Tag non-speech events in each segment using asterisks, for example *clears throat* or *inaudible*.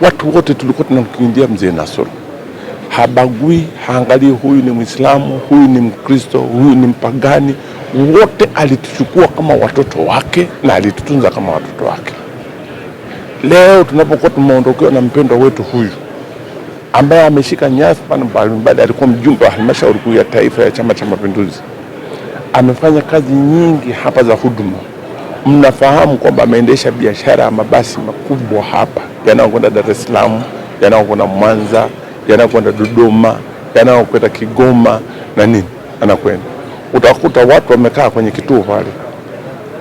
Watu wote tulikuwa tunamkimbia mzee Nasoro, habagui, haangalii huyu ni Mwislamu, huyu ni Mkristo, huyu ni mpagani, wote alituchukua kama watoto wake na alitutunza kama watoto wake. Leo tunapokuwa tumeondokewa na mpendwa wetu huyu ambaye ameshika nyadhifa mbalimbali, alikuwa mjumbe wa halmashauri kuu ya taifa ya Chama cha Mapinduzi, amefanya kazi nyingi hapa za huduma. Mnafahamu kwamba ameendesha biashara ya mabasi makubwa hapa yanayokwenda Dar es Salaam, yanayokwenda Mwanza, yanayokwenda Dodoma, yanayokwenda Kigoma na nini, anakwenda utakuta watu wamekaa kwenye kituo pale,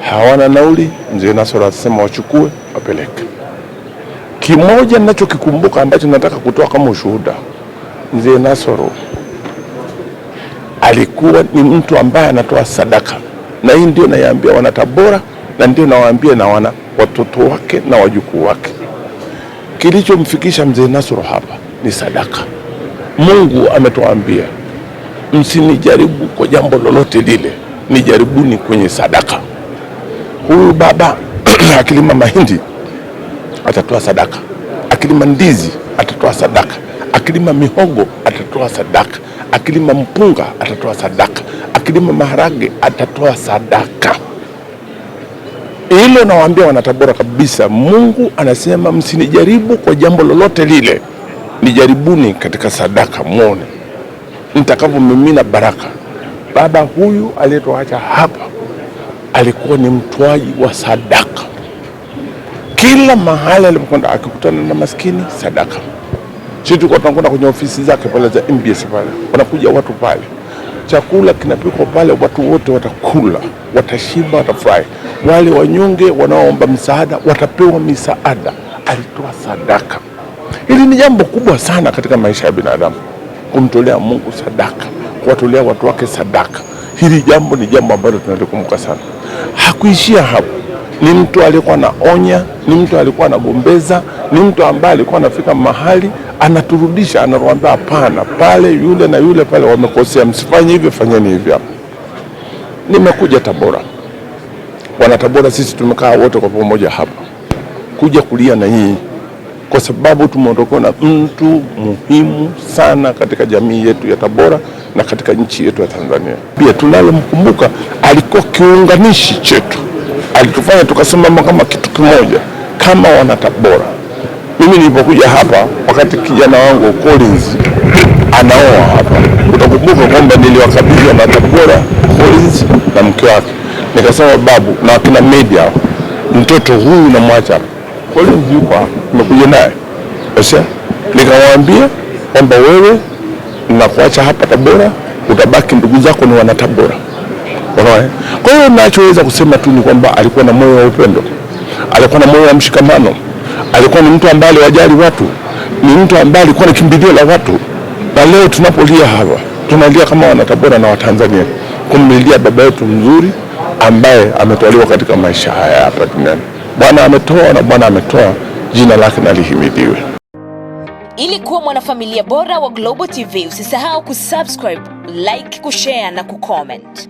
hawana nauli. Mzee Nasoro asema wachukue wapeleke. Kimoja ninachokikumbuka ambacho nataka kutoa kama ushuhuda, Mzee Nasoro alikuwa ni mtu ambaye anatoa sadaka, na hii ndio naiambia wanatabora na ndio nawaambia na wana watoto wake na wajukuu wake. Kilichomfikisha mzee Nasoro hapa ni sadaka. Mungu ametuambia msinijaribu kwa jambo lolote lile, nijaribuni kwenye sadaka. Huyu baba *clears throat* akilima mahindi atatoa sadaka, akilima ndizi atatoa sadaka, akilima mihogo atatoa sadaka, akilima mpunga atatoa sadaka, akilima maharage atatoa sadaka. Hilo nawaambia wanatabora kabisa, Mungu anasema msinijaribu kwa jambo lolote lile, nijaribuni katika sadaka, mwone nitakavyomimina baraka. Baba huyu aliyetuacha hapa alikuwa ni mtoaji wa sadaka. Kila mahali alipokwenda akikutana na maskini, sadaka. Sisi tulikuwa tunakwenda kwenye ofisi zake pale za MBS pale, wanakuja watu pale chakula kinapikwa pale, watu wote watakula, watashiba, watafurahi. Wale wanyonge wanaoomba msaada watapewa misaada. Alitoa sadaka. Hili ni jambo kubwa sana katika maisha ya binadamu, kumtolea Mungu sadaka, kuwatolea watu wake sadaka. Hili jambo ni jambo ambalo tunalikumbuka sana. Hakuishia hapo, ni mtu aliyekuwa anaonya, ni mtu alikuwa anagombeza, ni mtu ambaye alikuwa anafika mahali anaturudisha anatuambia, hapana, pale yule na yule pale wamekosea, msifanye hivyo, fanyeni hivyo. Nimekuja Tabora, wana Tabora, sisi tumekaa wote kwa pamoja hapa kuja kulia na nyinyi kwa sababu tumeondokewa na mtu muhimu sana katika jamii yetu ya Tabora na katika nchi yetu ya Tanzania. Pia tunalomkumbuka alikuwa kiunganishi chetu, alitufanya tukasimama kama kitu kimoja, kama wana Tabora. Mimi nilipokuja hapa wakati kijana wangu Collins anaoa hapa, utakumbuka kwamba niliwakabidhi na Tabora Collins na mke wake, nikasema babu na akina media, mtoto huyu namwacha Collins yuko hapa, nimekuja naye nikamwambia kwamba wewe nakuacha hapa Tabora, utabaki ndugu zako ni wana Tabora. Kwa hiyo nachoweza kusema tu ni kwamba alikuwa na moyo wa upendo, alikuwa na moyo wa mshikamano alikuwa ni mtu ambaye aliwajali watu, ni mtu ambaye alikuwa ni kimbilio la watu, na leo tunapolia hapa tunalia kama Wanatabora na Watanzania kumlilia baba yetu mzuri ambaye ametwaliwa katika maisha haya hapa duniani. Bwana ametoa na Bwana ametoa, jina lake nalihimidiwe. Ili kuwa mwanafamilia bora wa Global TV, usisahau kusubscribe, like, kushare na kucomment.